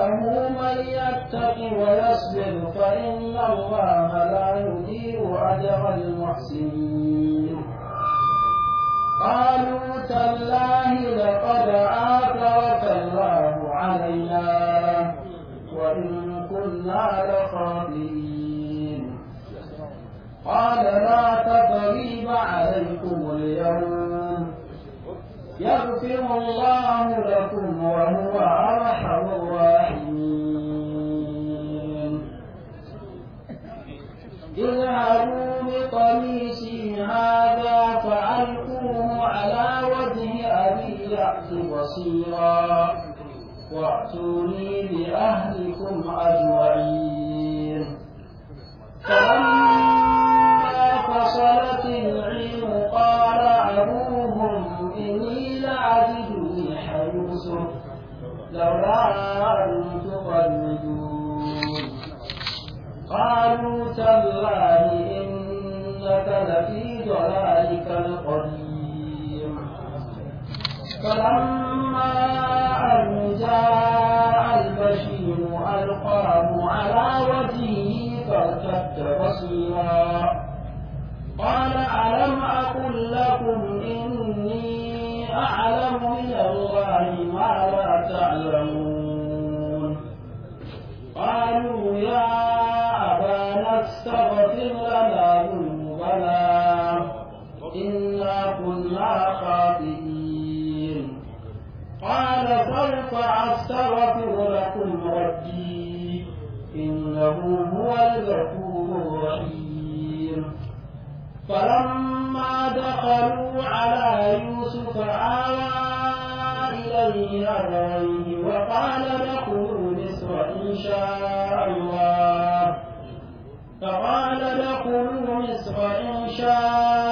إنه من يتق ويصبر فإن الله لا يضيع أجر المحسنين قالوا تالله لقد آثرك الله علينا وإن كنا لخاطئين قال لا تقريب عليكم اليوم يغفر الله لكم وهو أرحم الراحمين اذهبوا بقميصي هذا فألقوه على وجه أبي يأت بصيرا وأتوني بأهلكم أجمعين فلما فصل سواء تقلدون قالوا تالله إنك لفي ضلالك القديم فلما أن جاء البشير ألقاه على وجهه فارتد بصيرا قال ألم أقل لكم إني أعلم يجرمون قالوا يا أبانا استغفر لنا ذنوبنا إنا كنا خاطئين قال فارفع أستغفر لكم ربي إنه هو الغفور الرحيم فلما دخلوا على يوسف آوى إليه أبويه وقال دخلوا مصر إن شاء الله فقال دخلوا مصر إن شاء الله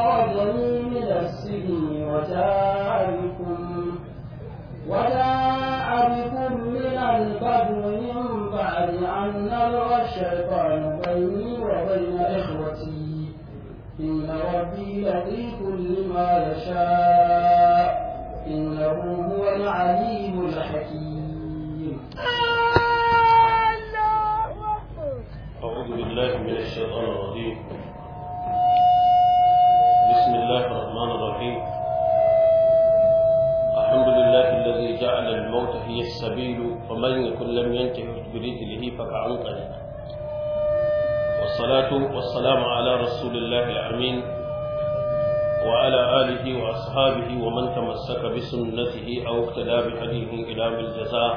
أخرجني من السجن وجاء بكم وجاء بكم من البدو من بعد أن نلغى الشيطان بيني وبين إخوتي إن ربي لطيف لما يشاء إنه هو العليم الحكيم أعوذ بالله من الشيطان الرجيم الله الرحمن الرحيم الحمد لله الذي جعل الموت هي السبيل ومن يكن لم ينتهي برجله فكعنقل والصلاة والسلام على رسول الله الأمين وعلى آله وأصحابه ومن تمسك بسنته أو اقتدى بهديه إلى بالجزاء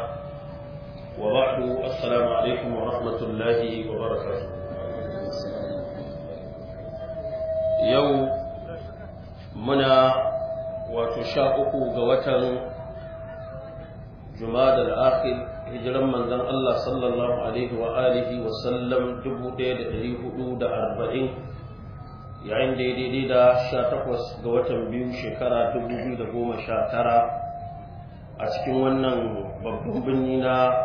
وبعد السلام عليكم ورحمة الله وبركاته يوم muna wato sha uku ga watan da akhir hijiran manzon Allah sallallahu alaihi wa alihi wa sallam 1440 yayin da daidai da sha takwas ga watan biyu shekara 2019 a cikin wannan babban birni na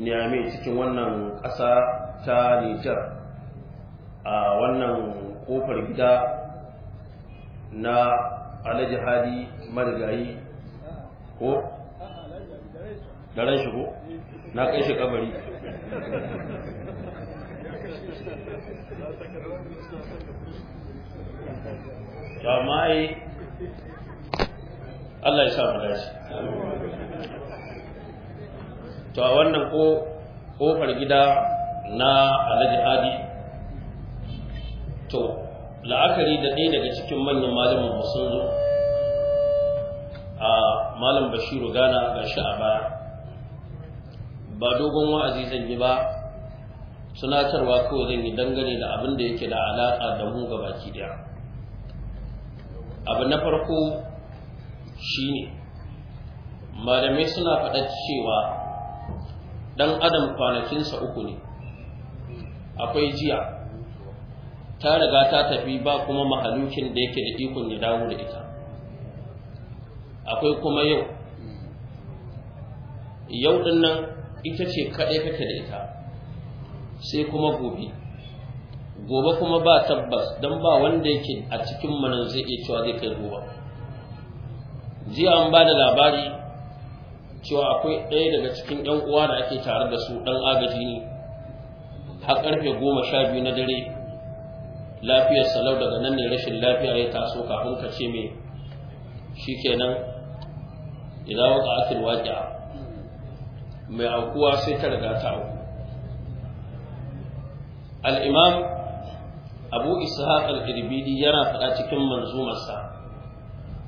Niamey cikin wannan ƙasa ta Nijar a wannan kofar gida na alhaji hadi marigayi ko da ran shigo na kai shi kabari jama'ai Allah ya sa mu dace to a wannan ko kofar gida na alhaji hadi to la'akari da ɗaya daga cikin manyan malamin musulun a malam bashiru gana ga shi a baya ba dogon wa'azi zan yi ba tunatarwa kawai zan yi dangane da abin da yake da alaƙa da mu ga baki ɗaya abu na farko shine malamai suna faɗa cewa ɗan adam kwanakinsa uku ne akwai jiya ta riga ta tafi ba kuma mahalukin da yake da ikon ya dawo da ita akwai kuma yau yau din nan ita ce kaɗai kake da ita sai kuma gobe gobe kuma ba tabbas don ba wanda yake a cikin manan zai iya cewa zai kai gobe jiya an ba da labari cewa akwai ɗaya daga cikin 'yan uwa da ake tare da su ɗan agaji ne har ƙarfe goma sha biyu na dare lafiyar salau daga nan ne rashin lafiya ya taso kafin ka ce me nan. idan waka atil waqi'a mai aukuwa sai ta riga ta auku al'imam abu ishaq al-irbidi yana faɗa cikin manzumarsa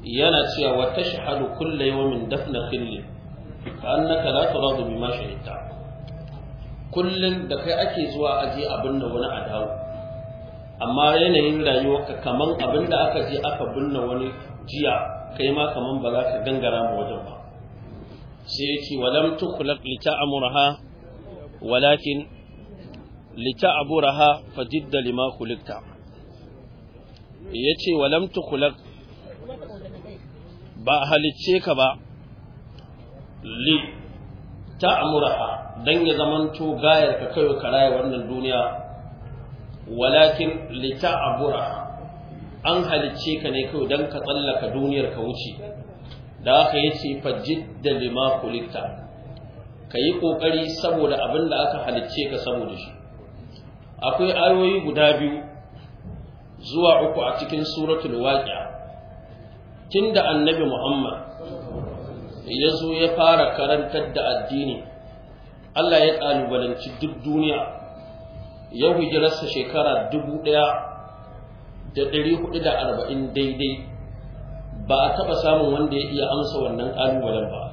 yana cewa wa tashhadu kullu yawmin dafna khilli fa annaka la turadu bima shahidta kullun da kai ake zuwa aje abin da wani a amma yanayin rayuwarka kaman abin da aka je aka binne wani jiya kai ma kaman ba za ka gangara ma wajen ba sai yake walam tukhlaq li ta'muraha walakin li ta'buraha fajidda lima khuliqta yace walam tukhlaq ba halicce ka ba li ta'muraha dan ya zamanto gayar ka kai ka rayuwar wannan duniya walakin lita bura, an halicce ka ne kawai don ka tsallaka duniyar ka wuce da aka yi ce fajid da lima kulikta ka yi ƙoƙari saboda abin da aka halicce ka saboda shi akwai ayoyi guda biyu zuwa uku a cikin suratul waƙiya tun da annabi muhammad ya zo ya fara karantar da addini Allah ya ƙalubalanci duk duniya Ya hijirarsa shekara dubu ɗaya da ɗari hudu da arba'in daidai ba a taɓa samun wanda ya iya amsa wannan ƙalubalen ba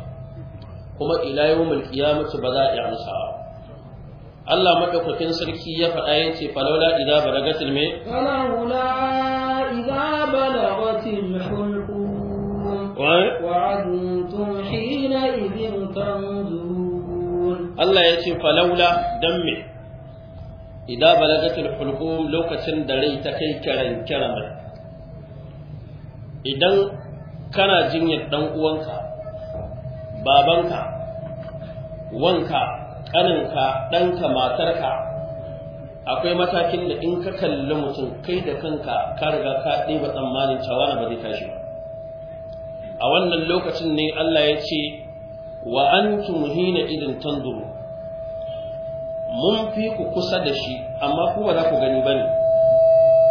kuma ila yau mulkiyamata ba za a iya amsa Allah maɗaukakin sarki ya faɗa ya ce falaula idza balagatil me falaula idza balagatil hulqum wa antum hina idin tanzurun Allah ya ce falaula dan me idan balagatul hulqum lokacin da rai ta kai kiran kiran idan kana jinyar dan uwanka babanka wanka kaninka ɗanka matarka akwai matakin da in ka kalli mutum kai da kanka ka riga ka ɗiba tsammanin cewa ba zai tashi a wannan lokacin ne Allah ya ce wa antum hina idin tanzuru mun fi ku kusa da shi amma ku ba za ku gani ba bane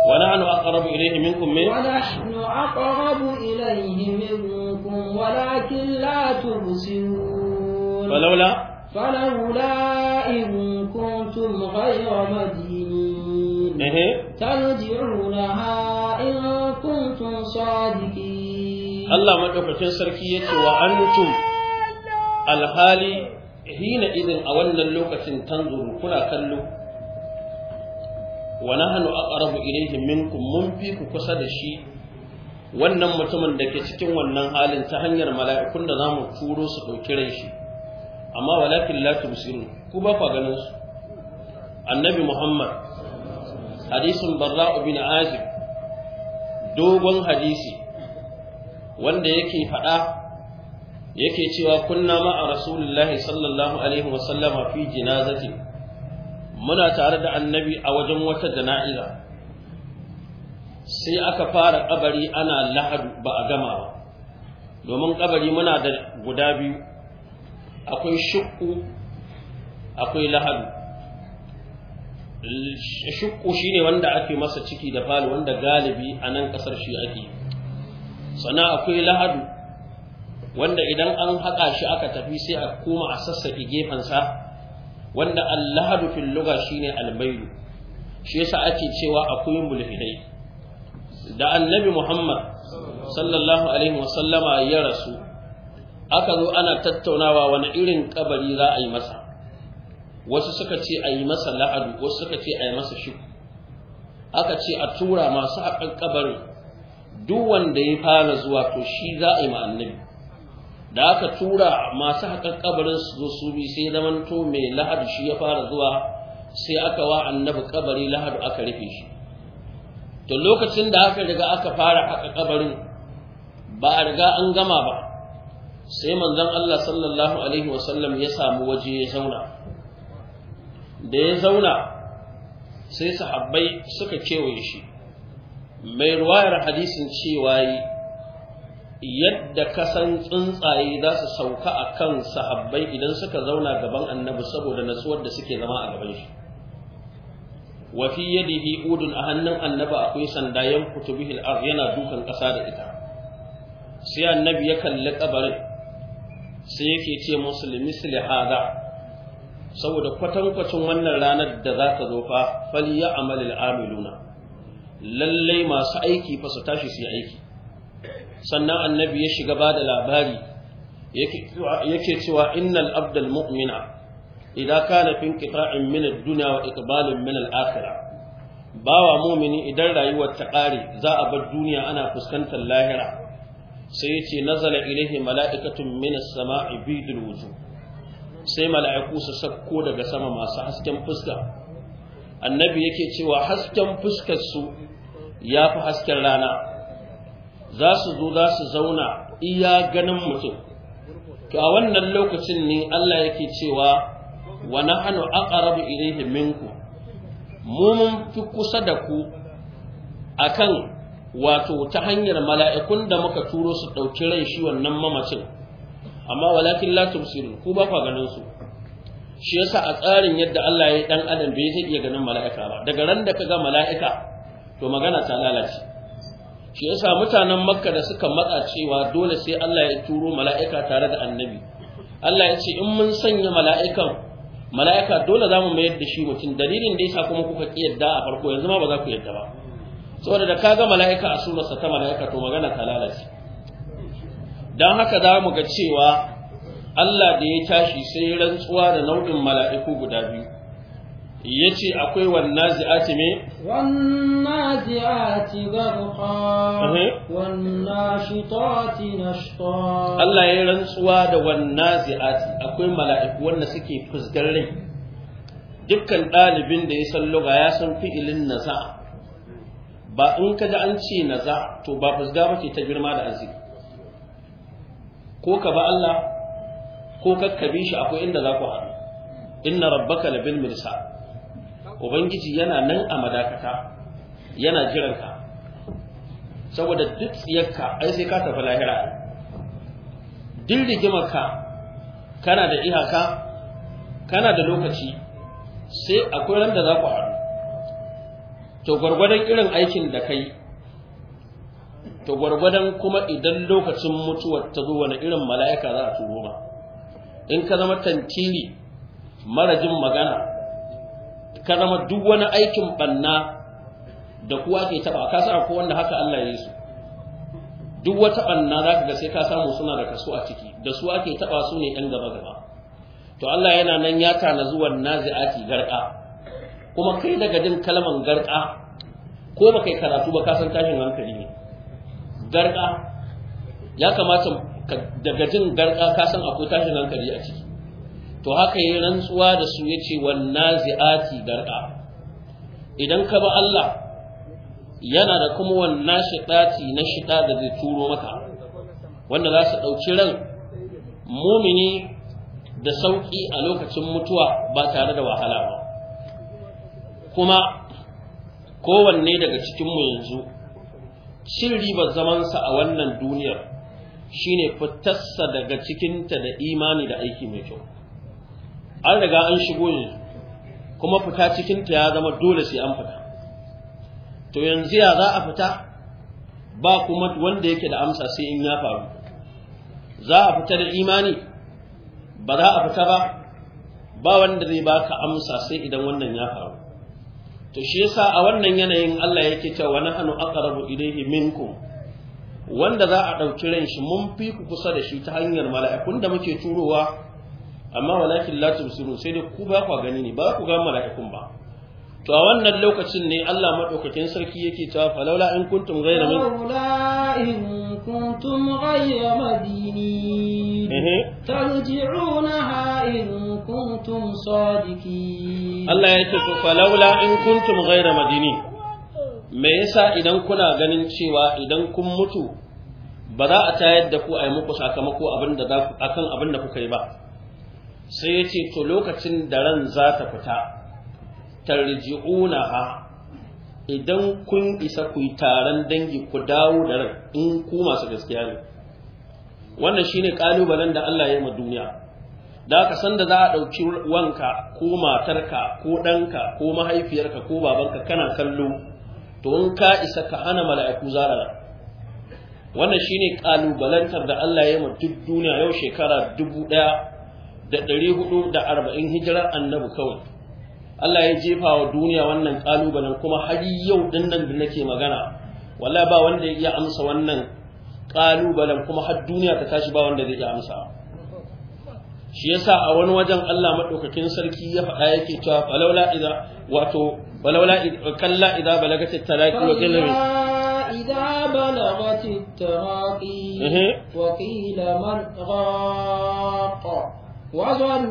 wa nahnu aqrabu ilayhi minkum min wa nahnu aqrabu ilayhi minkum walakin la tubsirun falawla falawla in kuntum ghayra madinin eh tarji'unaha in kuntum sadiqin Allah madaukakin sarki ya ce wa antum alhali hina idin a wannan lokacin tanzuru kuna kallo wa nahnu aqrabu ilayhi minkum mun fi ku kusa da shi wannan mutumin da ke cikin wannan halin ta hanyar mala'ikun da zamu turo su dauki ran shi amma walakin la tubsiru ku ba ku ganin su annabi muhammad hadisin barra bin azib dogon hadisi wanda yake faɗa yake cewa kunna ma a rasulullahi sallallahu alaihi wasallama fi jinazati muna tare da annabi a wajen wata jana'iza sai aka fara kabari ana lahadu ba a gama ba domin kabari muna da guda biyu akwai shukku akwai lahadu shukku shine wanda ake masa ciki da falo wanda galibi a nan kasar shi ake sannan akwai lahadu wanda idan an haƙa shi aka tafi sai a koma a sassaƙi gefensa wanda allahadu fil luga shine almailu shi yasa ake cewa akwai mulhidai da annabi muhammad sallallahu alaihi sallama ya rasu aka zo ana tattaunawa wani irin kabari za a yi masa wasu suka ce a yi masa la'adu wasu suka ce a yi masa shi aka ce a tura masu haƙar kabarin duk wanda ya fara zuwa to shi za a yi ma annabi da aka tura masu haƙar kabarin su zo su bi sai zaman to mai lahadu shi ya fara zuwa sai aka wa annabi kabari lahadu aka rufe shi to lokacin da aka riga aka fara haƙa ƙabarin, ba a riga an gama ba sai manzon Allah sallallahu alaihi wasallam ya samu waje ya zauna da ya zauna sai sahabbai suka kewaye shi mai ruwayar hadisin cewa yi yadda kasan tsuntsaye za su sauka a kan sahabbai idan suka zauna gaban annabi saboda natsuwar da suke zama a gaban shi wa fi yadihi udun a hannun annabi akwai sanda yan kutubihi al yana dukan ƙasa da ita sai annabi ya kalli kabarin sai yake ce musulmi misli hada saboda kwatankwacin wannan ranar da za ta zo fa fal ya amalil amiluna lallai masu aiki fa su tashi su yi aiki sannan annabi ya shiga ba da labari yake cewa innal abdal mu'mina idan kana fin qita'in min ad-dunya wa iqbalin min al-akhirah bawa mumini idan rayuwar ta kare za a bar duniya ana fuskantar lahira sai yace nazala ilaihi mala'ikatun min as-sama'i bidul sai mala'iku su sakko daga sama masu hasken fuska annabi yake cewa hasken fuskar su yafi hasken rana za su zo za su zauna iya ganin mutum to a wannan lokacin ne Allah yake cewa wa nahnu aqrabu ilayhi minkum mu mun fi kusa da ku akan wato ta hanyar mala'ikun da muka turo su ɗauki rai shi wannan mamacin amma walakin la tumsirun ku ba kwa ganin su shi yasa a tsarin yadda Allah ya yi dan adam bai zai iya ganin mala'ika ba daga ran da ga mala'ika to magana ta lalace shi yasa mutanen makka da suka matsa cewa dole sai Allah ya turo mala'ika tare da annabi Allah ya ce in mun sanya mala'ikan mala'ika dole za mu mayar da shi mutum dalilin da ya sa kuma kuka kiyarda a farko yanzu ma ba za ku yadda ba saboda da kaga mala'ika a surarsa ta mala'ika to magana ta lalace dan haka za mu ga cewa Allah da ya tashi sai rantsuwa da nau'in mala'iku guda biyu yace akwai wannan zi'ati me wannan zi'ati garqa wannan shitati nashta Allah ya rantsuwa da wannan zi'ati akwai mala'iku wanda suke fusgar rai dukkan dalibin da ya san lugha ya san fi'ilin naza ba in ka ji an ce naza to ba fusga bace ta girma da arziki ko ka ba Allah ko kakkabe shi akwai inda za ku haɗu inna rabbaka labil mirsad ubangiji yana nan a madakata yana jiranka saboda duk tsiyarka ai sai ka tafi lahira duk rigimarka kana da ihaka kana da lokaci sai akwai ran da za ku haɗu to gwargwadon irin aikin da kai to gwargwadon kuma idan lokacin mutuwar ta zo wani irin mala'ika za a turo ba in ka zama tantiri marajin magana ka zama duk wani aikin banna da kuwa ke taba ka sa ko wanda haka Allah ya yi su duk wata banna za ka ga sai ka samu suna da kaso a ciki da su ake taba su ne ɗan gaba gaba to Allah yana nan ya tana zuwan nazi'ati garka kuma kai daga jin kalman garka ko baka yi karatu ba ka san tashin hankali ne garka ya kamata daga jin garka ka san akwai tashin hankali a ciki to haka yi rantsuwa da su ya ce wannan zi'ati dar'a idan ka ba Allah yana da kuma wannan shiɗati na shiɗa da zai turo maka wanda za su ɗauki ran mumini da sauƙi a lokacin mutuwa ba tare da wahala ba kuma kowanne daga cikinmu yanzu cin ribar zamansa a wannan duniyar shine fitarsa daga cikinta da imani da aiki mai kyau an riga an shigo ne kuma fita cikinta ya zama dole sai an fita to yanzu ya za a fita ba kuma wanda yake da amsa sai in ya faru za a fita da imani ba za a fita ba ba wanda zai baka amsa sai idan wannan ya faru to shi yasa a wannan yanayin Allah yake cewa wa nahnu aqrabu ilayhi minkum wanda za a ɗauki ran shi mun fi ku kusa da shi ta hanyar mala'ikun da muke turowa amma walakin la tubsiru sai dai ku ba ku gani ne ba ku ga mala'ikun ba to a wannan lokacin ne Allah madaukakin sarki yake cewa laula in kuntum ghayra min falaula in kuntum ghayra madini tarji'unaha in kuntum sadiqin Allah ya ce to falaula in kuntum ghayra madini me yasa idan kuna ganin cewa idan kun mutu ba za a tayar da ku a yi muku sakamako abin da akan abin da kuka yi ba sai ya ce to lokacin da ran za ta fita tarji'unaha idan kun isa ku yi taron dangi ku dawo da ran in ku masu gaskiya ne wannan shine kalubalen da Allah ya yi ma duniya da ka san da za a ɗauki wanka ko matarka ko ɗanka ko mahaifiyarka ko babanka kana kallo to in ka isa ka hana mala'iku zarara wannan shine kalubalantar da Allah ya yi duk duniya yau shekara dubu ɗaya da ɗari hudu da arba'in hijirar annabi kawai Allah ya jefa wa duniya wannan ƙalubalen kuma har yau ɗin nan da nake magana wala ba wanda ya iya amsa wannan ƙalubalen kuma har duniya ta tashi ba wanda zai iya amsa shi yasa a wani wajen Allah madaukakin sarki ya faɗa yake cewa falaula idza wato falaula kalla idza balagatit talaqi wa qilla إذا بلغت التراقي وقيل من راق Allah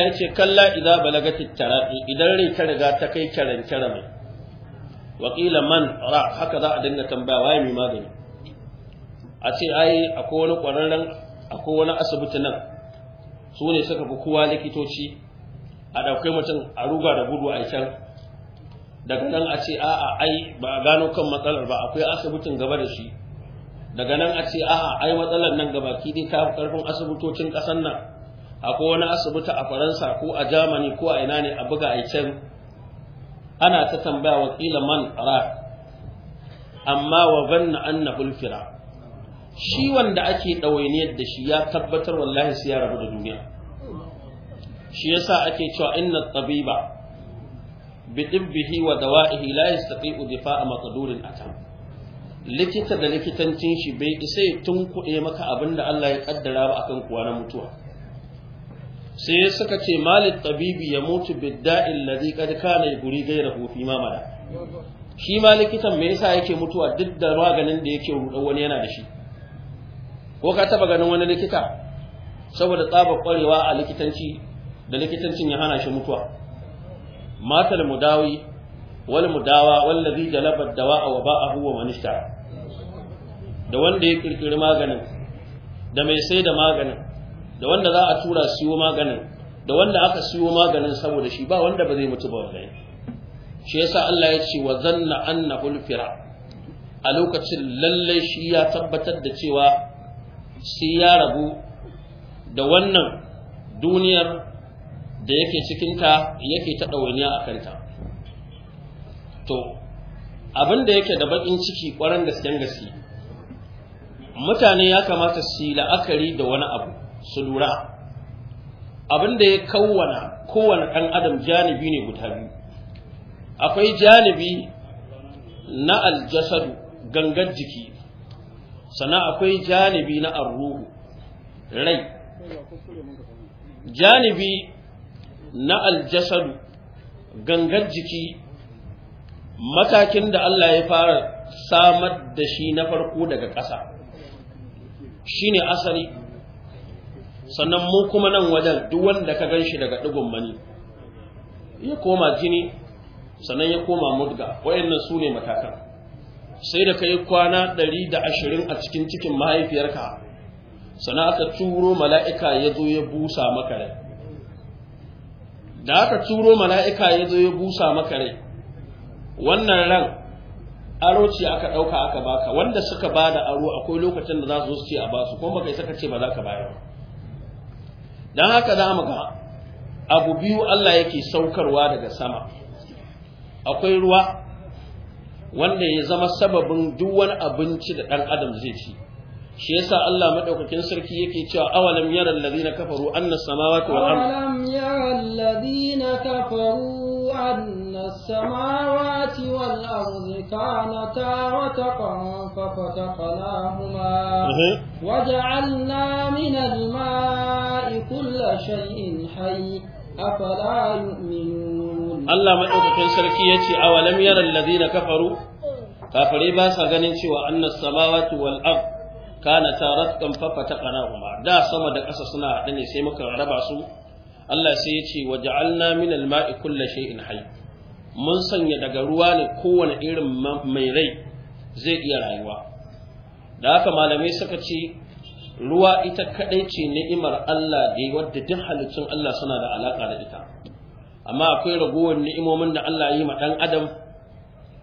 ya ce, kan La'iza ba na ga tattara idan rai ta riga ta kai tarin tarin mai. Wakilin Man R haka za a dinga tambaya, wa mai magani? A ce, ayi. A wani ƙwararren, a wani asibitin nan, su ne suka fi kowa likitoci. A da, mutum a ruba da gudu a itar. Da ɗan a ce, a'a ai. Ba a gano kan matsalar ba, akwai asibitin gaba da shi. daga nan a ce aha ai matsalar nan gaba dai ta karfin asibitocin ƙasar nan akwai wani asibiti a faransa ko a germany ko a ina ne a buga a can ana ta tambaya wakila man ara amma wa zanna annahu fira, shi wanda ake ɗawainiyar da shi ya tabbatar wallahi sai ya rabu da duniya shi yasa ake cewa inna tabiba bi dibbihi wa dawa'ihi la yastati'u difa'a maqdurin atam likita da likitancin shi bai isa ya tunkuɗe maka abin da Allah ya kaddara ba akan kuwa na mutuwa sai suka ce malik tabibi ya mutu bidda'in ladhi qad kana guri gaira hufi mamala shi ma likitan me yasa yake mutuwa duk da maganin da yake ruɗa wani yana da shi ko ka taba ganin wani likita saboda tsaba kwarewa a likitanci da likitancin ya hana shi mutuwa matal mudawi wal mudawa wallazi jalaba dawa'a wa ba'ahu wa manista da wanda ya kirkiri maganin da mai sai da maganin da wanda za a tura siyo maganin da wanda aka siyo maganin saboda shi ba wanda ba zai mutu ba wallahi shi yasa Allah ya ce wa zanna annahu hul fira a lokacin lalle shi ya tabbatar da cewa shi ya rabu da wannan duniyar da yake cikinta yake ta dawaniya a kanta to abin da yake da baƙin ciki ƙwarar gasken gaske mutane ya kamata su yi la'akari da wani abu su lura abin da ya kawwana kowane ɗan adam janibi ne guda biyu akwai janibi na aljasadu gangar jiki sana akwai janibi na arruhu rai janibi na aljasadu gangar jiki matakin da Allah ya fara samar da shi na farko daga ƙasa Shi ne asali sannan mu kuma nan wajen duk wanda ka ganshi daga digon mani ya koma jini sannan ya koma mudga wayannan su ne matakan sai da ka yi kwana 120 a cikin cikin mahaifiyarka sannan aka turo mala'ika ya zo ya busa maka rai da aka turo mala'ika ya zo ya busa maka rai wannan ran aro aka ɗauka aka baka wanda suka ba da aro akwai lokacin da za su ce a basu kuma kai saka ce ba za ka bayar don haka za mu ga abu biyu Allah yake saukarwa daga sama akwai ruwa wanda ya zama sababin duk wani abinci da ɗan adam zai ci shi yasa Allah madaukakin sarki yake cewa awalam yaral ladina kafaru anna samawati wal ardh awalam yaral ladina kafaru anna السماوات والأرض كانتا رتقا ففتقناهما وجعلنا من الماء كل شيء حي أفلا يؤمنون الله ما أوكتن سركية أولم يرى الذين كفروا كافري باسا غنين شوى أن السماوات والأرض كانتا رتقا ففتقناهما دا سما دا قصصنا دني سيمك ربع سوء Allah sai ya ce wa ja'alna min al-ma'i kulli shay'in hayy mun sanya daga ruwa ne kowane irin mai rai zai iya rayuwa da haka malamai suka ce ruwa ita kadai ce ni'imar Allah da wadda duk halittun Allah suna da alaka da ita amma akwai ragowar ni'imomin da Allah yi ma ɗan adam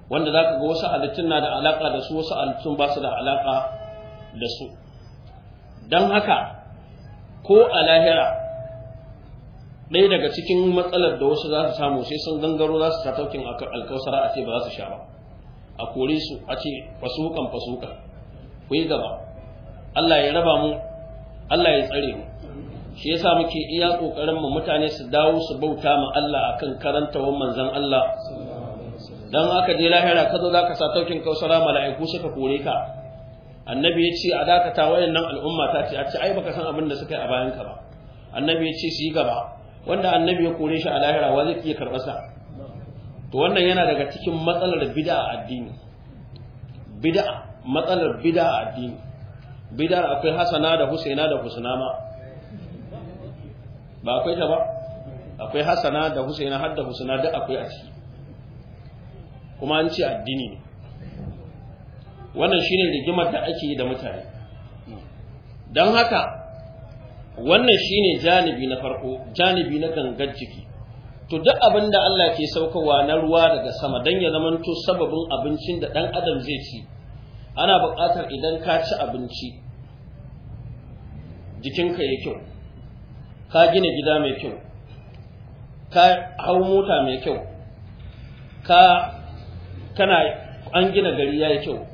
wanda zaka ga wasu halittun na da alaka da su wasu halittun ba su da alaka da su Don haka ko a lahira ɗaya daga cikin matsalar da wasu za su samu sai sun gangaro za su sa taukin alkausara a ce ba za su sha ba a kore su a ce fasukan fasukan ku yi gaba Allah ya raba mu Allah ya tsare mu shi yasa muke iya kokarin mu mutane su dawo su bauta ma Allah akan wa manzon Allah dan haka je lahira ka zo ka sa taukin kausara mala'iku suka kore ka annabi ya ce a dakata wayannan al'umma ta ce a ce ai baka san abin da suka yi a bayan ka ba annabi ya ce su yi gaba wanda annabi ya kore shi a lahira wa zai iya karɓar sa to wannan yana daga cikin matsalar bid'a a addini bid'a matsalar bid'a a addini bida akwai hasana da husaina da husna ma ba akwai ta ba akwai hasana da husaina har da husna duk akwai a ciki kuma an ce addini ne wannan shine rigimar da ake yi da mutane don haka wannan shi ne janibi na farko janibi na gangar jiki to duk abin da Allah ke saukowa na ruwa daga sama dan ya zamanto sababin abincin da dan adam zai ci ana buƙatar idan ka ci abinci jikinka ya kyau ka gina gida mai kyau ka hau mota mai kyau ka kana an gina gari ya kyau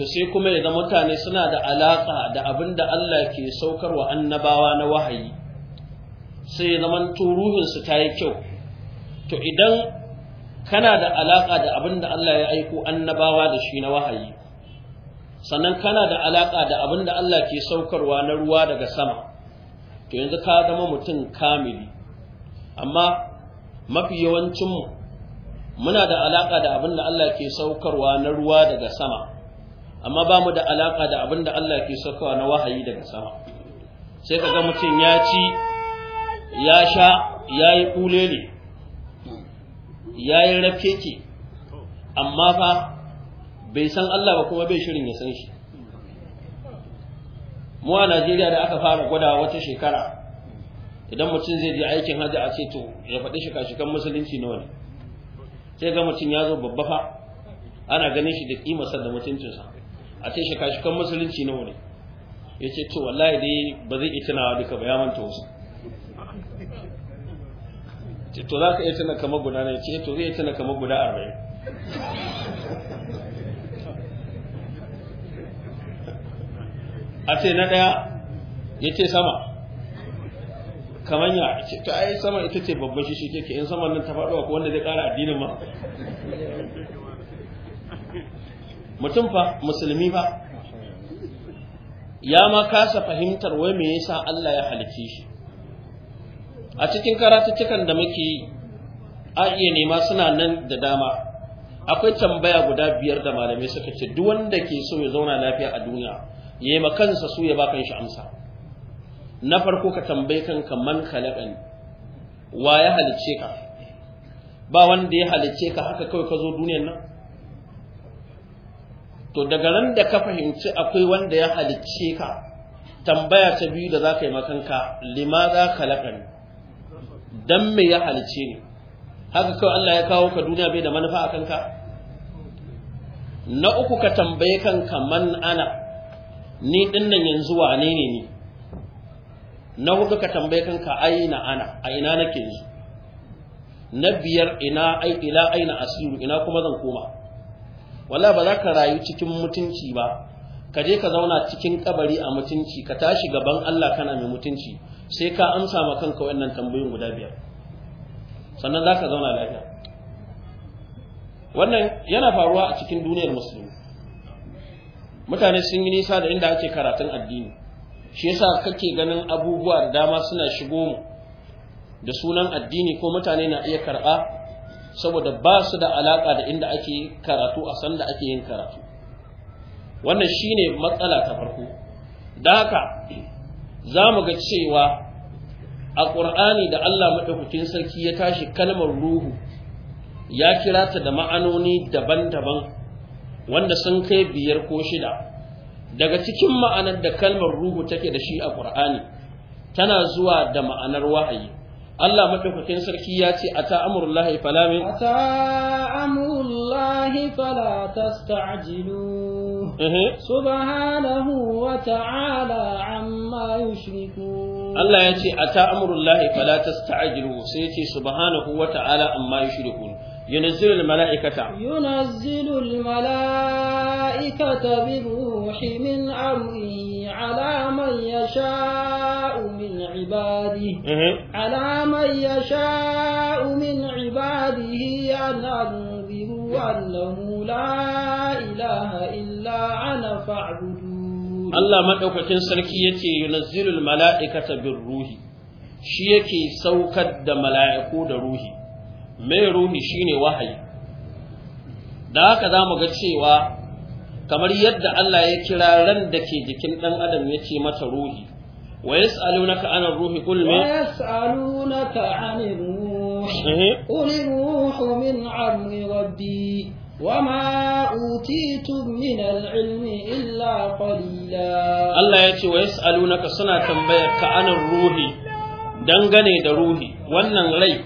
to sai kuma ya mutane suna da alaƙa da abin da Allah ke saukarwa annabawa na wahayi sai ya ruhinsu ta yi kyau to idan kana da alaƙa da abin da Allah ya aiko annabawa da shi na wahayi sannan kana da alaƙa da abin da Allah ke saukarwa na ruwa daga sama to yanzu ka zama mutum kamili amma mafi yawancinmu muna da alaƙa da abin da Allah ke saukarwa na ruwa daga sama amma ba mu da alaka da abin da Allah ke sakawa na wahayi daga sama sai ka ga mutum ya ci ya sha ya yi ƙulele ya yi rafkeke amma fa bai san Allah ba kuma bai shirin ya san shi mu a Najeriya da aka fara gwada wata shekara idan mutum zai je aikin hajji a ce to ya faɗi shika-shikan musulunci nawa ne sai ga mutum ya zo babba fa ana ganin shi da ƙimarsa da mutuncinsa a ce shika-shikan musulunci nawa ne ya ce to wallahi dai ba zai iya tunawa duka ba ya manta wasu to za ka iya tuna kama guda ne ce eh, to zai iya tuna kama guda arba'in a ce na ɗaya ya ce sama kamar ya ce to ai sama ita ce babban shi shi ke in saman nan ta faɗo ko wanda zai ƙara addinin ma mutum fa musulmi fa ya ma kasa fahimtar wai me yasa Allah ya halice shi a cikin karatuttukan da muke yi a iya nema suna nan da dama akwai tambaya guda biyar da malamai suka ce duk wanda ke so ya zauna lafiya a duniya ya yi kansa so ya baka shi amsa na farko ka tambayi kanka man khalaqani wa ya halice ka ba wanda ya halice ka haka kawai ka zo duniyar nan to daga ran da ka fahimci akwai wanda ya halicce ka tambaya ta biyu da za ka yi makanka limaza khalaqani dan me ya halicce ni haka kawai Allah ya kawo ka duniya bai da manufa a kanka na uku ka tambaye kanka man ana ni dinnan yanzu wane ne ni na hudu ka tambaye kanka aina ana a ina nake yanzu na biyar ina ai aina asiru ina kuma zan koma Wala ba za ka rayu cikin mutunci ba ka je ka zauna cikin kabari a mutunci ka tashi gaban Allah kana mai mutunci sai ka amsa ma kanka wannan tambayoyin guda biyar sannan za ka zauna lafiya wannan yana faruwa a cikin duniyar musulmi mutane sun yi nisa da inda ake karatun addini shi yasa kake ganin abubuwa da dama suna shigo mu da sunan addini ko mutane na iya karɓa saboda ba su da alaƙa da inda ake karatu a sanda ake yin karatu wannan shine matsala ta farko da haka za mu ga cewa a ƙur'ani da Allah maɗaukakin sarki ya tashi kalmar ruhu ya kira ta da ma'anoni daban-daban wanda sun kai biyar ko shida daga cikin ma'anar da kalmar ruhu take da shi a ƙur'ani tana zuwa da ma'anar wahayi Allah maɗaukakin sarki ya ce ata amrullahi fala min ata fala subhanahu wa ta'ala amma yushriku Allah ya ce ata amrullahi fala tasta'jilu sai ya ce subhanahu wa ta'ala amma yushriku ينزل الملائكة ينزل الملائكة بالروح من أمره على من يشاء من عباده على من يشاء من عباده أن أنذروا أنه لا إله إلا أنا فاعبدون الله ما أوكتن سلكيتي ينزل الملائكة بالروح shi yake saukar da mala'iku da ruhi mai ruhi shine wahayi da haka za mu ga cewa kamar yadda Allah ya kira ran da ke jikin ɗan adam ya ce mata ruhi wa yas'alunaka ka'anar ruhi ya ma yas'alunaka ka'anar ruhi kuli eh? ruhu min amri rabbi وما Allah ya ce wa ya الله يتي ka suna تنبيك ka'anar ruhi, dangane da ruhi wannan rai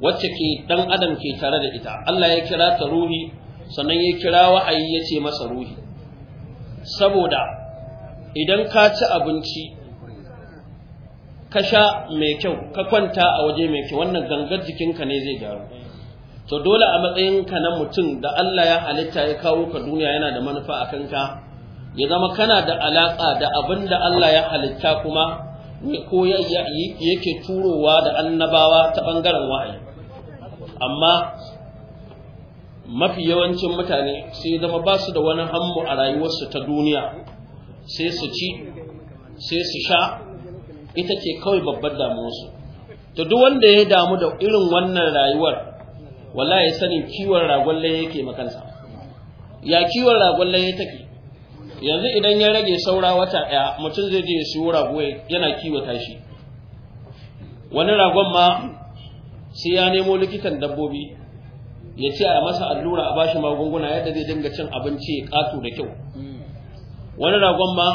wacce ke dan adam ke tare da ita Allah ya kira ta ruhi sannan ya kira wa'ayi ya ce masa ruhi saboda idan ka ci abinci ka sha mai kyau ka kwanta a waje mai kyau wannan gangar jikinka ne zai gyaru to dole a matsayinka na mutum da Allah ya halitta ya kawo ka duniya yana da manufa a kanka ya zama kana da alaƙa da abin da Allah ya halitta kuma ko yake turowa da annabawa ta ɓangaren wa'ayi amma mafi yawancin mutane sai zama ba su da wani hammu a rayuwarsu ta duniya sai su ci sai su sha ita ce kawai babbar damuwarsu Ta duk wanda ya damu da irin wannan rayuwar wala ya sani kiwon ragon laye yake makansa ya kiwon ragon laye take yanzu idan ya rage saura wata ɗaya mutum zai je ya siyo rago yana kiwata shi wani ragon ma sai ya nemo likitan dabbobi ya ce a masa allura a bashi magunguna yadda zai dinga cin abinci ya ƙato da kyau wani ragon ma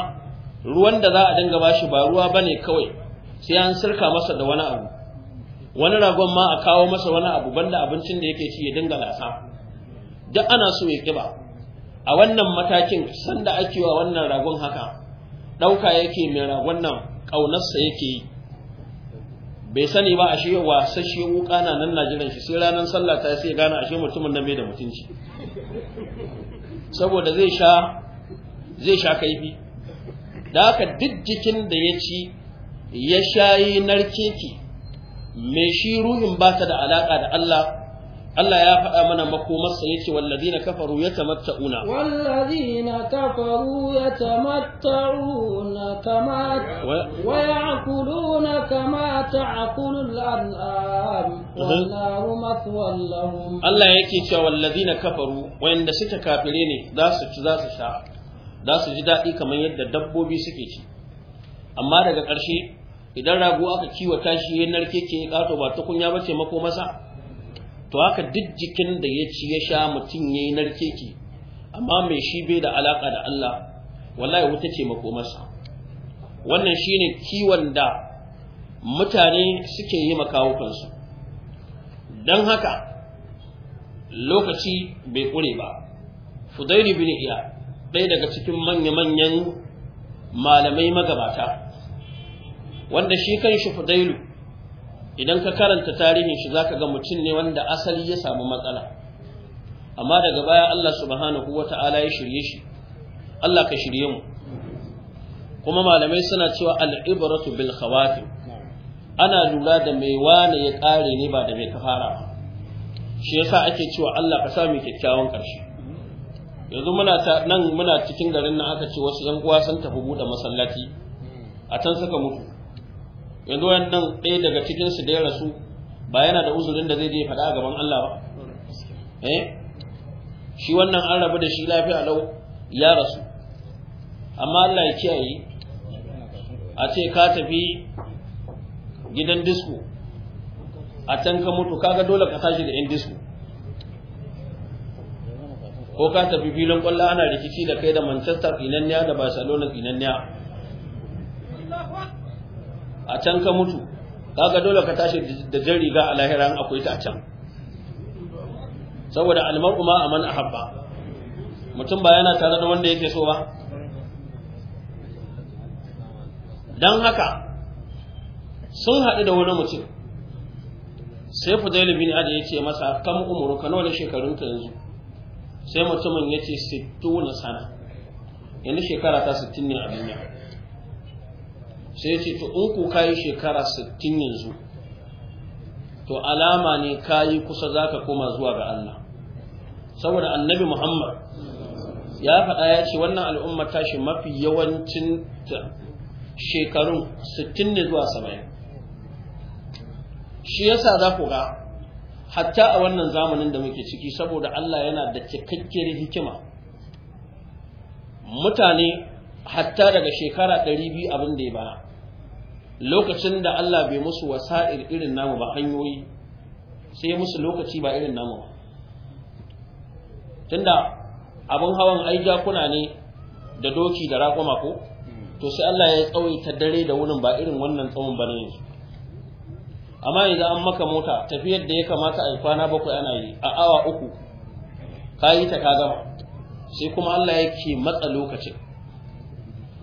ruwan da za a dinga bashi ba ruwa ba ne kawai sai an sirka masa da wani abu wani ragon ma a kawo masa wani abu banda abincin da yake ci ya dinga lasa duk ana so ya kiba a wannan matakin sanda ake wa wannan ragon haka ɗauka yake mai ragon nan ƙaunarsa yake yi bai sani ba ashe wasashe wuka na nan na jiran shi sai ranar sallah ta sai gane ashe mutumin nan bai da mutunci saboda zai sha zai sha kaifi da haka duk jikin da ya ci ya shayi narkeki mai shi ruhin ba ta da alaka da Allah Allah ya faɗa mana makomarsa ya ce wallazi na kafaru ya tamatta'una. Wallazi na kafaru ya tamatta'una kama wa ya na kama ta'akulul an'am wallahu maswal lahum. Allah yake cewa wallazi na kafaru wanda suka kafire ne za su ci za su sha za su ji daɗi kamar yadda dabbobi suke ci. Amma daga ƙarshe idan rago aka kiwata shi ya narke ke ƙato ba tukunya ba ce mako masa. to haka duk jikin da ya ci ya sha mutum ya yi narke ki, amma mai shi bai da alaƙa da Allah wallahi wuta ce makomarsa wannan shi ne kiwon da mutane suke yi makawo kansu don haka lokaci bai ƙure ba fudairi bin iya ɗaya daga cikin manya-manyan malamai magabata wanda shi kan shi fudailu idan ka karanta tarihin shi zaka ga mutum ne wanda asali ya samu matsala amma daga baya Allah subhanahu wata'ala ya shirye shi Allah ka shirye mu kuma malamai suna cewa al'ibratu bil khawatim ana lura da mai wane ya kare ne ba da mai kafara ba shi yasa ake cewa Allah ka sa mu kyakkyawan karshe yanzu muna nan muna cikin garin nan aka ce wasu yan uwa sun tafi buɗe masallaci a can suka mutu yanzu wannan ɗaya daga cikin su da ya rasu ba yana da uzurin da zai je faɗa a gaban Allah ba eh shi wannan an rabu da shi lafiya lau ya rasu amma Allah ya kiyaye a ce ka tafi gidan disko a can ka mutu kaga dole ka tashi da yan disko ko ka tafi filin kwallo ana rikici da kai da Manchester tsinanniya da Barcelona tsinanniya a can ka mutu kaga dole ka tashi da jan riga a lahira akwai ta a can saboda almar'u ma aman ahabba mutum ba yana tare da wanda yake so ba dan haka sun haɗu da wani mutum sai fudail bin adi ya ce masa kam umuru ka nawa shekarun ka yanzu sai mutumin ya ce 60 sana yanzu shekara ta 60 ne a duniya sai ce to in ku kayi shekara 60 yanzu to alama ne kayi kusa zaka koma zuwa ga Allah saboda annabi Muhammad ya faɗa ya ce wannan al'umma tashi mafi yawancin shekarun 60 ne zuwa 70 shi yasa za ku ga hatta a wannan zamanin da muke ciki saboda Allah yana da cikakkiyar hikima mutane hatta daga shekara 200 abin da ya bana lokacin da Allah bai musu wasa'ir irin namu ba hanyoyi sai musu lokaci ba irin namu ba tunda abin hawan ai jakuna ne da doki da raƙuma ko to sai Allah ya tsawai ta dare da wurin ba irin wannan tsawon ba ne. amma idan an maka mota tafiyar da ya kamata a kwana bakwai ana yi a awa uku ka yi ta ka gama sai kuma Allah yake matsa lokacin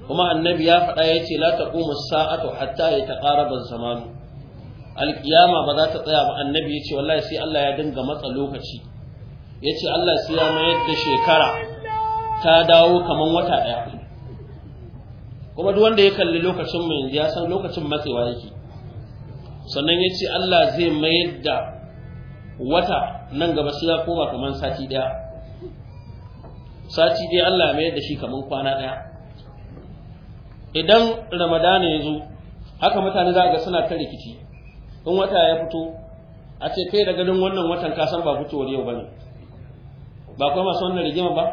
kuma annabi ya faɗa ya ce la taqumu sa'atu hatta yataqaraba zamanu alkiyama ba za ta tsaya ba annabi ya ce wallahi sai Allah ya dinga matsa lokaci ya ce Allah sai ya mayar da shekara ta dawo kaman wata ɗaya kuma duk wanda ya kalli lokacin mu yanzu ya san lokacin matsewa yake sannan ya ce Allah zai mayar da wata nan gaba sai ya koma kaman sati ɗaya sati ɗaya Allah ya mayar da shi kaman kwana ɗaya idan ramadana ya zo haka mutane za a ga suna ta rikici in wata ya fito a ce kai da gadin wannan watan ka san ba fitowar yau bane ba kuma masu wannan rigima ba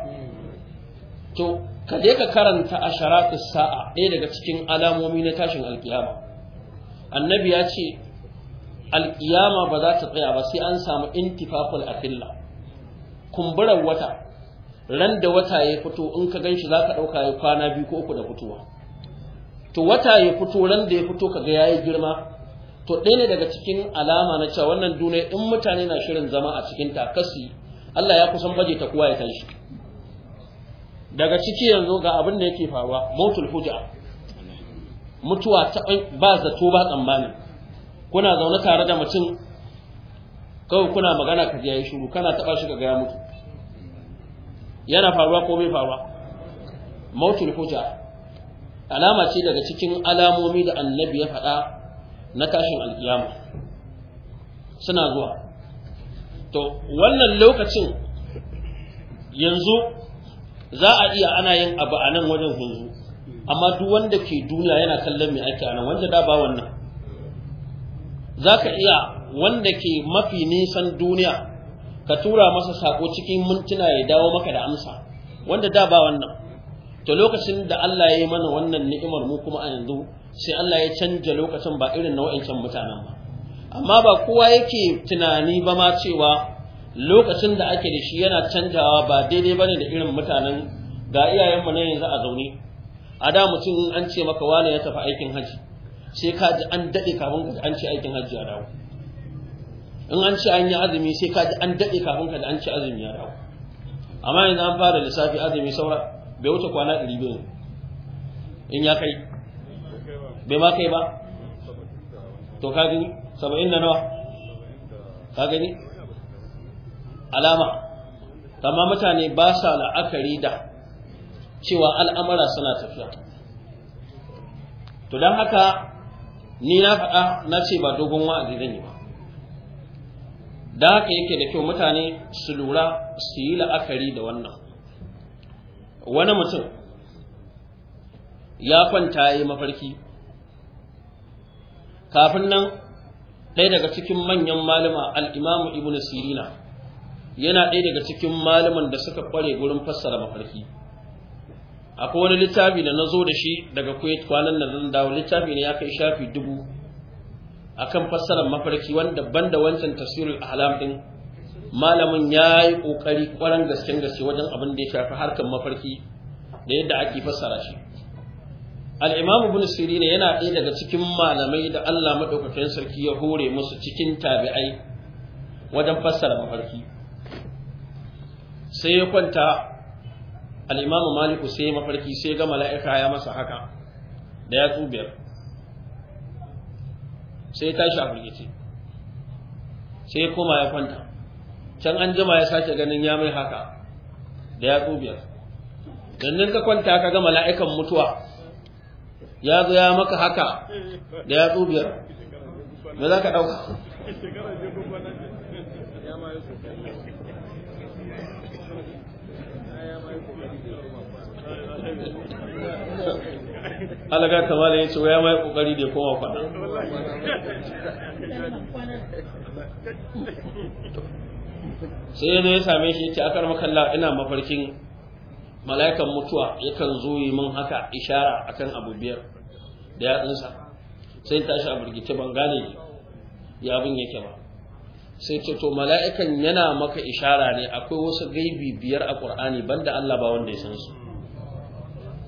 to ka je ka karanta a asharatu sa'a ɗaya daga cikin alamomi na tashin alkiyama annabi ya ce alkiyama ba za ta tsaya ba sai an samu intifaful afilla kumburar wata ran da wata ya fito in ka gan shi za ka ɗauka ya kwana biyu ko uku da fitowa to wata ya fito ran da ya fito kaga yayi girma to ɗaya ne daga cikin alama na cewa wannan duniya in mutane na shirin zama a cikin ta Allah ya kusan baje ta kuwa ya tashi daga ciki yanzu ga abin da yake faruwa mautul huja mutuwa ta ba zato ba tsammani kuna zaune tare da mutum kawai kuna magana ka ji yayi shiru kana taba shi ka ga ya mutu yana faruwa ko bai faruwa mautul huja alama ce daga cikin alamomi da annabi ya faɗa na tashin alkiyama suna zuwa to wannan lokacin yanzu za a iya ana yin abu a nan wajen yanzu amma duk wanda ke duniya yana kallon mai ake a nan wanda da ba wannan za ka iya wanda ke mafi nisan duniya ka tura masa sako cikin mintuna ya dawo maka da amsa wanda da ba wannan to lokacin da Allah ya yi mana wannan ni'imar mu kuma a yanzu sai Allah ya canja lokacin ba irin na wa'ancan mutanen ba amma ba kowa yake tunani ba ma cewa lokacin da ake da shi yana canjawa ba daidai ba ne da irin mutanen ga iyayenmu na yanzu a zaune a da mutum an ce maka wane ya tafi aikin hajji sai ka ji an daɗe kafin ka an ce aikin hajji a dawo in an ce an yi azumi sai ka ji an daɗe kafin ka an ce azumi a dawo amma yanzu an fara lissafi azumi saura bai wuce kwana biyu in ya kai bai ma kai ba to ka gani saba'in da nawa ka gani alama amma mutane ba sa la'akari da cewa al'amara suna tafiya to don haka ni na faɗa na ce ba dogon wa a yi ba da haka yake da kyau mutane su lura su yi la'akari da wannan wani mutum ya kwanta ya yi mafarki kafin nan ɗaya daga cikin manyan malama al'imamu ibn sirina yana ɗaya daga cikin malaman da suka ƙware gurin fassara mafarki akwai wani littafi da na zo da shi daga kuwait kwanan na zan dawo littafi ne ya kai shafi dubu akan fassarar mafarki wanda banda wancan tafsirul ahlam ɗin malamin ya yi ƙoƙari ƙwarar gasken gaske wajen abin da ya shafi harkar mafarki da yadda ake fassara shi al'imam ibn sirin yana ɗaya daga cikin malamai da allah maɗaukakin sarki ya hore musu cikin tabi'ai wajen fassara mafarki sai ya kwanta al'imamu maliku sai mafarki sai ga mala'ika ya masa haka da ya tsubiyar sai ya tashi a sai ya koma ya kwanta can an jima ya sake ganin ya mai haka da ya biyar dannin ka kwanta ka ga mala'ikan mutuwa ya zo ya maka haka da ya biyar me za ka ɗauka alaga kamala ya ce ya mai kokari da ya koma kwana. sai ya zo ya same shi yace akar makalla ina mafarkin mala'ikan mutuwa yakan zo yi min haka ishara akan abu biyar da yatsunsa sai tashi a burgice ban gane ya abin yake ba sai ce to mala'ikan yana maka ishara ne akwai wasu gaibi biyar a ƙur'ani banda Allah ba wanda ya san su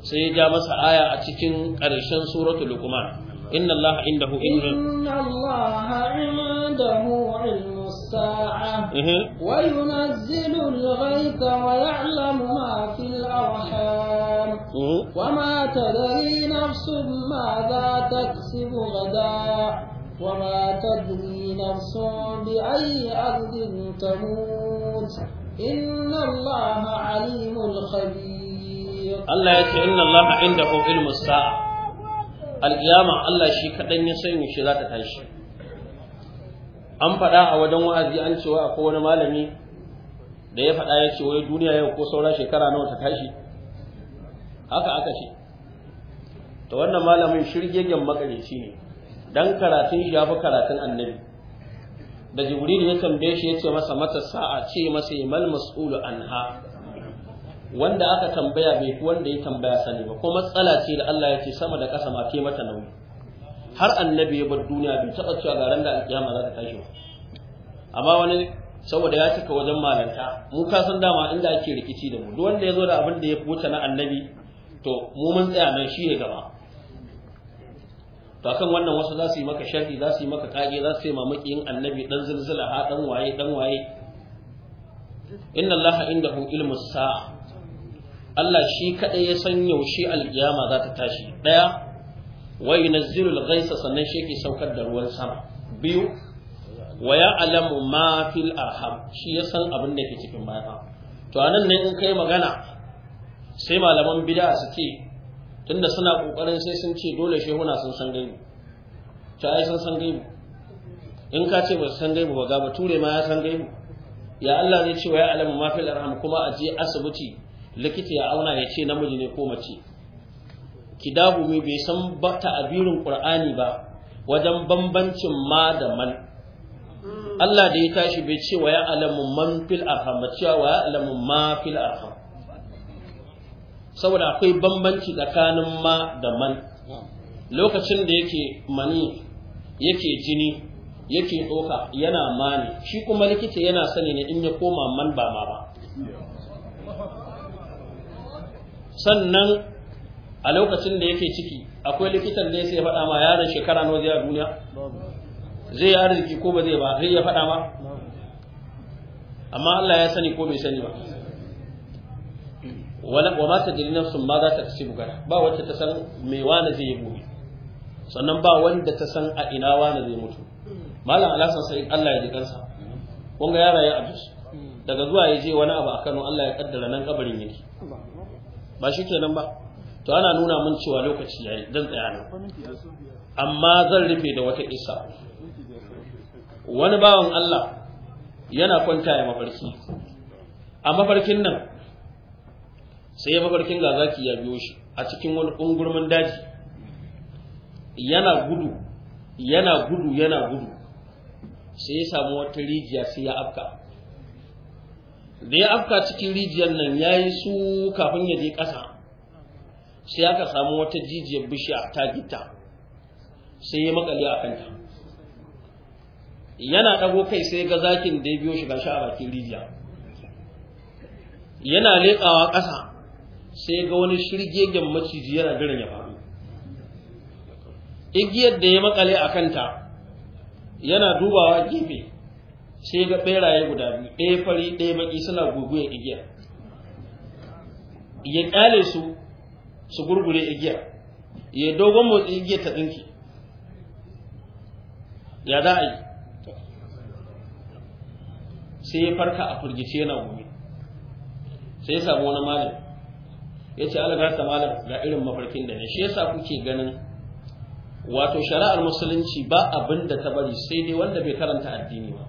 sai ya ja masa aya a cikin ƙarshen suratu luqman inna allaha indahu ilmun inna allaha indahu الساعة وينزل الغيث ويعلم ما في الأرحام وما تدري نفس ماذا تكسب غدا وما تدري نفس بأي أرض تموت إن الله عليم خبير الله يتي إن الله عنده علم الساعة القيامة الله شيء كدن يسمي شيء ذات تنشي an faɗa a wajen wa'azi an cewa akwai wani malami da ya faɗa ya ce wai duniya yau ko saura shekara nawa ta tashi haka aka ce to wannan malamin shirgegen makareci ne dan karatun shi yafi karatun annabi da jibril ya tambaye shi ya ce masa mata sa'a ce masa mal mas'ulu anha wanda aka tambaya bai fi wanda ya tambaya sani ba ko matsala ce da Allah ya ce sama da kasa ma ke mata nauyi har annabi ya bar duniya bai taɓa cewa ga ran da alƙiyama za ta tashi ba amma wani saboda ya cika wajen malanta mu ka san dama inda ake rikici da mu duk wanda ya zo da abin da ya wuce na annabi to mu mun tsaya nan shi ne gaba to akan wannan wasu za su yi maka sharhi za su yi maka kage za su yi mamaki yin annabi dan zulzula ha dan waye dan waye inna allaha indahu ilmu sa'a Allah shi kadai ya san yaushe alkiyama za ta tashi daya wa yunazzilu al-ghaysa sannan shi yake saukar da ruwan sama biyu wa ya'lamu ma fil arham shi ya san abin da ke cikin baya. to anan ne in kai magana sai malaman bid'a su ce tunda suna kokarin sai sun ce dole na sun san gaibi to ai sun san gaibi in ka ce ba san gaibi ba ga bature ma ya san gaibi ya Allah ne ce wa alamu ma fil arham kuma a je asibiti likita ya auna ya ce namiji ne ko mace kidabu mai bai san ba ta'abirin qur'ani ba wajen bambancin ma da man Allah da ya tashi bai ce wa ya alamu man fil arham ba cewa wa ya alamu ma fil arham saboda akwai bambanci tsakanin ma da man lokacin da yake mani yake jini yake doka yana mani. shi kuma likita yana sani ne in ya koma man ba ma ba sannan a lokacin da yake ciki akwai likitan da ya faɗa ma yaron shekara nawa zai a duniya zai yi arziki ko ba zai ba zai iya faɗa ma amma Allah ya sani ko bai sani ba wa ma ta na sun ma za ta kasi bugara ba wacce ta san mai wani zai yi gobe sannan ba wanda ta san a ina wani zai mutu malam alasan sai Allah ya ji kansa wanga yara ya abus daga zuwa ya je wani abu a Kano Allah ya kaddara nan kabarin yake ba shi kenan ba to ana nuna mun cewa lokaci yayi zan tsaya nan amma zan rufe da wata isa wani bawan Allah yana kwanta ya mafarki a mafarkin nan sai ya mafarkin ga zaki ya biyo shi a cikin wani ungurmin daji yana gudu yana gudu yana gudu sai ya samu wata rijiya sai ya afka da ya afka cikin rijiyar nan ya yi su kafin ya je ƙasa sai aka samu wata jijiyar bishiya ta gita sai ya makali a kanta yana ɗago kai sai ga zakin da ya biyo shiga shi a rijiya yana leƙawa ƙasa sai ga wani shirgegen maciji yana jiran ya faru igiyar da ya makale a kanta yana dubawa gefe sai ga ɓeraye guda biyu ɗaya fari ɗaya baki suna ya igiyar ya ƙyale su su gurgure igiya. ya dogon motsi igiya ta dinki ya za a yi sai ya farka a firgice yana gumi sai ya samu wani malam ya ce alagarsa malam ga irin mafarkin da ne shi yasa kuke ganin wato shari'ar musulunci ba abin da ta bari sai dai wanda bai karanta addini ba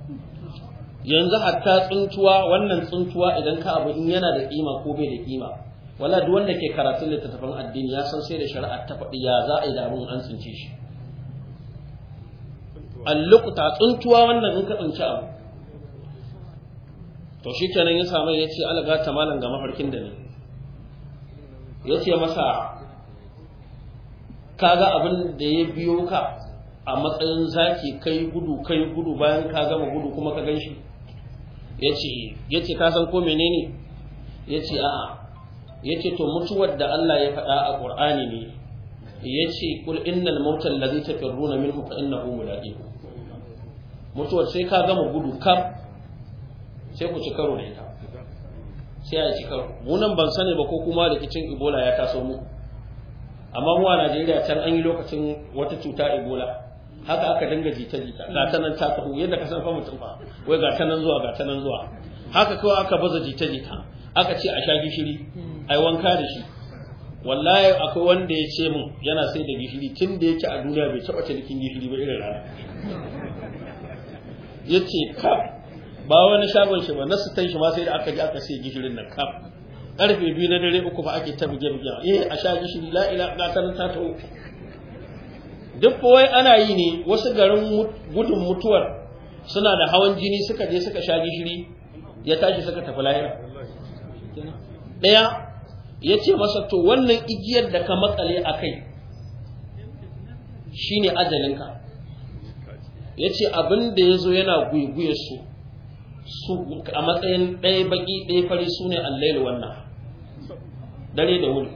yanzu hatta tsuntuwa wannan tsuntuwa idan ka abu in yana da kima ko bai da kima wala duk wanda ke karatun littattafan addini ya san sai da shari'a ta faɗi ya za a yi da an tsince shi allukuta tsuntuwa wannan in ka tsinci abu to shi kenan ya samu ya ce alaga ta malam ga mafarkin da ne ya ce masa kaga abin da ya biyo ka a matsayin zaki kai gudu kai gudu bayan ka gama gudu kuma ka gan shi ya ce ka san ko menene ya ce a'a yace to mutuwar da Allah ya faɗa a Qur'ani ne yace kul innal mautal ladhi tafirruna minhu fa innahu mulaqihu mutuwar sai ka gama gudu kar sai ku ci karo da ita sai a ci karo mu nan ban sani ba ko kuma rikicin Ebola ya taso mu amma mu a Najeriya can an yi lokacin wata cuta Ebola haka aka dinga jita-jita ga ta nan ta taho yadda ka san fa mutum fa wai ga ta nan zuwa ga ta nan zuwa haka kawai aka baza jita-jita aka ce a sha gishiri ai wanka da shi wallahi akwai wanda ya ce min yana sai da gishiri tun da yake a duniya bai taɓa cinikin gishiri ba irin rana ya ce kaf ba wani shagon shi ba na su shi ma sai da aka ji aka sai gishirin nan ka karfe biyu na dare uku ba ake ta buge buge eh a sha gishiri la ila sanin ta to duk wai ana yi ne wasu garin gudun mutuwar suna da hawan jini suka je suka sha gishiri ya tashi suka tafi lahira ɗaya ya ce masa to wannan igiyar da ka matsale a kai shi ne ajalinka ya ce abin da ya zo yana guguye su a matsayin ɗaya baƙi ɗaya fari su ne allailu wannan dare da wuri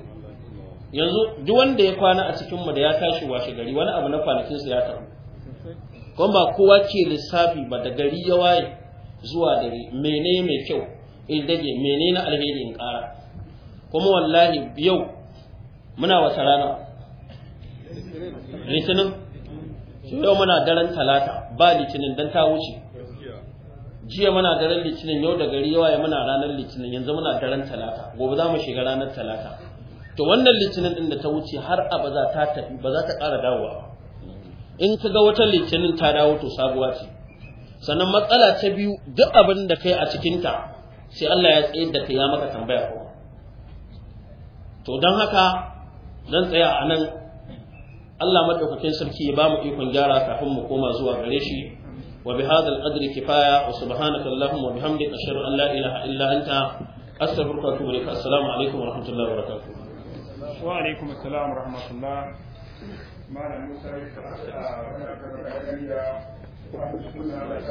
yanzu duk wanda ya kwana a cikinmu da ya tashi washe gari wani abu na kwanakin su ya taru kuma ba kowa ke lissafi ba da gari ya waye zuwa dare mene mai kyau in dage mene na alheri in kara kuma wallahi yau muna wata rana litinin yau muna daren talata ba litinin don ta wuce jiya muna daren litinin yau da gari yawa ya muna ranar litinin yanzu muna daren talata gobe za mu shiga ranar talata to wannan litinin din da ta wuce har abada ta tafi ba za ta ƙara dawowa in ka ga wata litinin ta dawo to sabuwa ce sannan matsala ta biyu duk abin da kai a cikinta sai Allah ya tsayar da kai ya maka tambaya kuma to don haka zan tsaya a nan Allah madaukakin sarki ya ba mu ikon gyara kafin mu koma zuwa gare shi wa bi hadal qadri kifaya wa subhanaka allahumma wa bihamdika ashhadu an la ilaha illa anta astaghfiruka wa atubu ilaik assalamu alaikum wa rahmatullahi wa barakatuh wa alaikum assalam wa rahmatullah malam musa ya fara da wannan da